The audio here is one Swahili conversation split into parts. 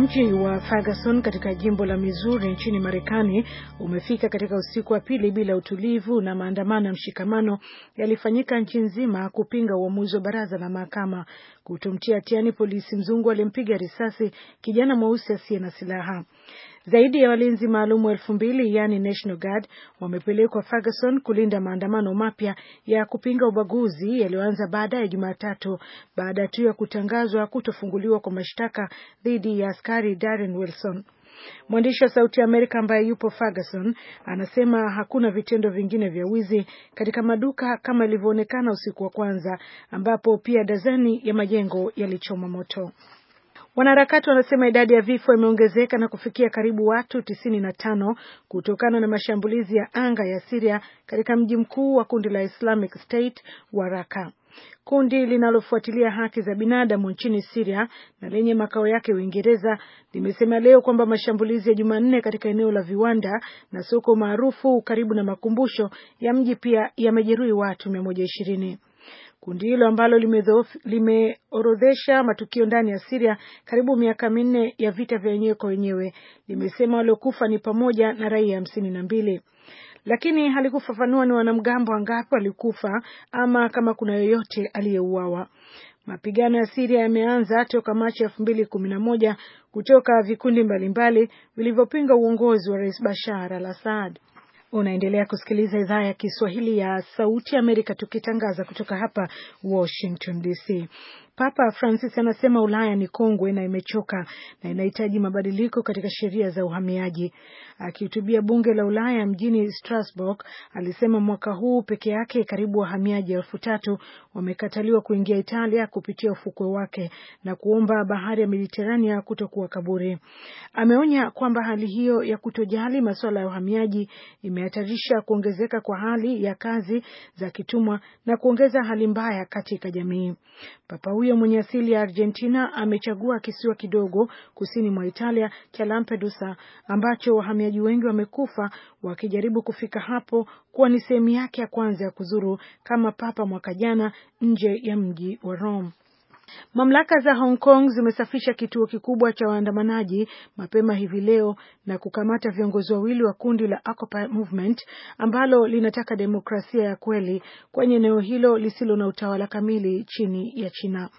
Mji wa Ferguson katika jimbo la Missouri nchini Marekani umefika katika usiku wa pili bila utulivu na maandamano ya mshikamano yalifanyika nchi nzima kupinga uamuzi wa baraza la mahakama kutumtia hatiani polisi mzungu aliyempiga risasi kijana mweusi asiye na silaha. Zaidi ya walinzi maalumu elfu mbili yaani National Guard wamepelekwa Ferguson kulinda maandamano mapya ya kupinga ubaguzi yaliyoanza baada ya Jumatatu baada tu ya kutangazwa kutofunguliwa kwa mashtaka dhidi ya askari Darren Wilson. Mwandishi wa Sauti ya Amerika ambaye yupo Ferguson anasema hakuna vitendo vingine vya wizi katika maduka kama ilivyoonekana usiku wa kwanza, ambapo pia dazeni ya majengo yalichoma moto. Wanaharakati wanasema idadi ya vifo imeongezeka na kufikia karibu watu tisini na tano kutokana na mashambulizi ya anga ya Siria katika mji mkuu wa kundi la Islamic State wa Raka. Kundi linalofuatilia haki za binadamu nchini Siria na lenye makao yake Uingereza limesema leo kwamba mashambulizi ya Jumanne katika eneo la viwanda na soko maarufu karibu na makumbusho ya mji pia yamejeruhi watu mia moja ishirini. Kundi hilo ambalo limeorodhesha lime matukio ndani ya Siria karibu miaka minne ya vita vya wenyewe kwa wenyewe limesema waliokufa ni pamoja na raia hamsini na mbili lakini halikufafanua ni wanamgambo wangapi walikufa ama kama kuna yoyote aliyeuawa. Mapigano ya Siria yameanza toka Machi elfu mbili kumi na moja kutoka vikundi mbalimbali vilivyopinga uongozi wa Rais Bashar al-Assad. Unaendelea kusikiliza idhaa ya Kiswahili ya Sauti Amerika, tukitangaza kutoka hapa Washington DC. Papa Francis anasema Ulaya ni kongwe na imechoka na inahitaji mabadiliko katika sheria za uhamiaji. Akihutubia bunge la Ulaya mjini Strasbourg, alisema mwaka huu peke yake karibu wahamiaji elfu tatu wamekataliwa kuingia Italia kupitia ufukwe wake na kuomba bahari ya Mediterania kutokuwa kaburi. Ameonya kwamba hali hiyo ya kutojali masuala ya uhamiaji ime imehatarisha kuongezeka kwa hali ya kazi za kitumwa na kuongeza hali mbaya katika jamii. Papa huyo mwenye asili ya Argentina amechagua kisiwa kidogo kusini mwa Italia cha Lampedusa ambacho wahamiaji wengi wamekufa wakijaribu kufika hapo kuwa ni sehemu yake ya kwanza ya kuzuru kama papa mwaka jana nje ya mji wa Rome. Mamlaka za Hong Kong zimesafisha kituo kikubwa cha waandamanaji mapema hivi leo na kukamata viongozi wawili wa kundi la Occupy Movement ambalo linataka demokrasia ya kweli kwenye eneo hilo lisilo na utawala kamili chini ya China.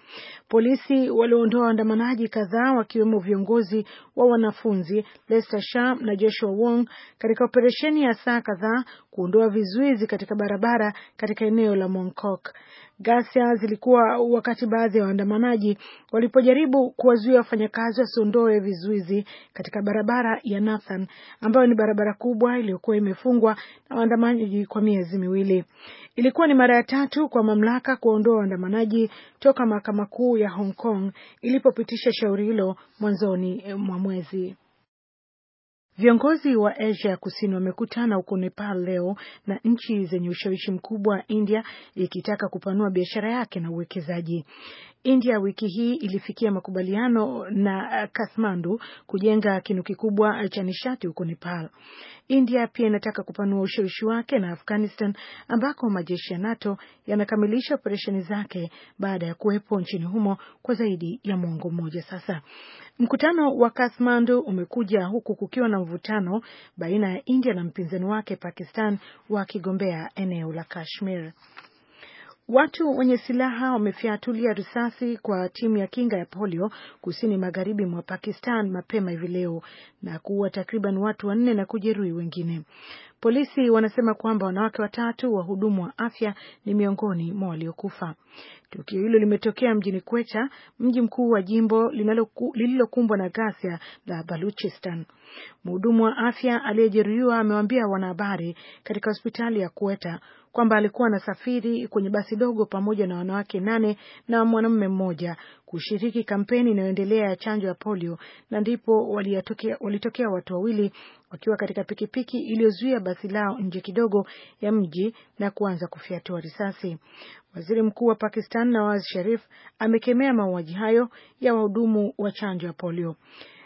Polisi waliondoa waandamanaji kadhaa wakiwemo viongozi wa wanafunzi Lester Shah na Joshua Wong katika operesheni ya saa kadhaa kuondoa vizuizi katika barabara katika eneo la Mong Kok. Ghasia zilikuwa wakati baadhi ya waandamanaji walipojaribu kuwazuia wafanyakazi wasiondoe vizuizi katika barabara ya Nathan ambayo ni barabara kubwa iliyokuwa imefungwa na waandamanaji kwa miezi miwili. Ilikuwa ni mara ya tatu kwa mamlaka kuwaondoa waandamanaji toka mahakama kuu ya Hong Kong ilipopitisha shauri hilo mwanzoni eh, mwa mwezi. Viongozi wa Asia ya Kusini wamekutana huko Nepal leo na nchi zenye ushawishi mkubwa wa India ikitaka kupanua biashara yake na uwekezaji. India wiki hii ilifikia makubaliano na eh, Kathmandu kujenga kinu kikubwa eh, cha nishati huko Nepal. India pia inataka kupanua ushawishi wake na Afghanistan ambako majeshi ya NATO yanakamilisha operesheni zake baada ya kuwepo nchini humo kwa zaidi ya mwongo mmoja sasa. Mkutano wa Kathmandu umekuja huku kukiwa na mvutano baina ya India na mpinzani wake Pakistan wakigombea eneo la Kashmir. Watu wenye silaha wamefyatulia risasi kwa timu ya kinga ya polio kusini magharibi mwa Pakistan mapema hivi leo na kuua takriban watu wanne na kujeruhi wengine. Polisi wanasema kwamba wanawake watatu wahudumu wa afya ni miongoni mwa waliokufa. Tukio hilo limetokea mjini Kwecha, mji mkuu wa jimbo lililokumbwa na ghasia la Baluchistan. Mhudumu wa afya aliyejeruhiwa amewaambia wanahabari katika hospitali ya Kweta kwamba alikuwa anasafiri kwenye basi dogo pamoja na wanawake nane na mwanamume mmoja kushiriki kampeni inayoendelea ya chanjo ya polio, na ndipo walitokea watu wawili wakiwa katika pikipiki iliyozuia basi lao nje kidogo ya mji na kuanza kufyatua risasi. Waziri Mkuu wa Pakistan Nawaz Sharif amekemea mauaji hayo ya wahudumu wa chanjo ya polio.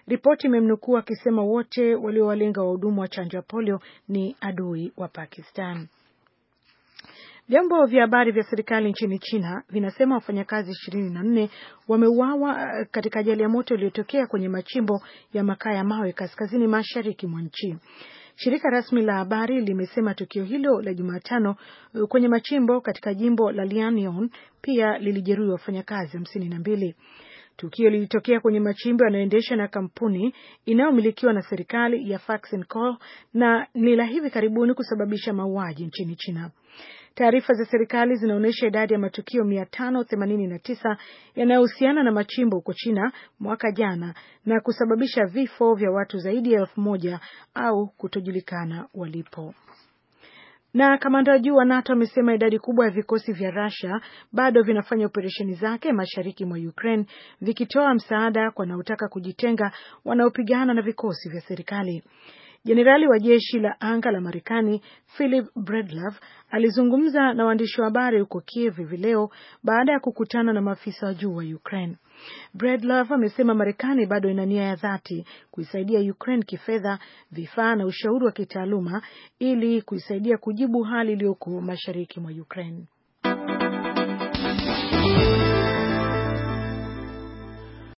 Ripoti imemnukuu akisema wote waliowalenga wahudumu wa chanjo ya polio ni adui wa Pakistan. Vyombo vya habari vya serikali nchini China vinasema wafanyakazi ishirini na nne wameuawa eh, katika ajali ya moto iliyotokea kwenye machimbo ya makaa ya mawe kaskazini mashariki mwa nchi. Shirika rasmi la habari limesema tukio hilo la Jumatano eh, kwenye machimbo katika jimbo la Liaoning pia lilijeruhi wafanyakazi hamsini na mbili. Tukio lilitokea kwenye machimbo yanayoendeshwa na kampuni inayomilikiwa na serikali ya Faxin Coal na ni la hivi karibuni kusababisha mauaji nchini China. Taarifa za serikali zinaonyesha idadi ya matukio 589 yanayohusiana na machimbo huko China mwaka jana na kusababisha vifo vya watu zaidi ya elfu moja au kutojulikana walipo. Na kamanda wa juu wa NATO amesema idadi kubwa ya vikosi vya Russia bado vinafanya operesheni zake mashariki mwa Ukraine vikitoa msaada kwa wanaotaka kujitenga wanaopigana na vikosi vya serikali. Jenerali wa jeshi la anga la Marekani Philip Bredlav alizungumza na waandishi wa habari huko Kiev hivi leo baada ya kukutana na maafisa wa juu wa Ukraine. Bredlav amesema Marekani bado ina nia ya dhati kuisaidia Ukraine kifedha, vifaa na ushauri wa kitaaluma ili kuisaidia kujibu hali iliyoko mashariki mwa Ukraine.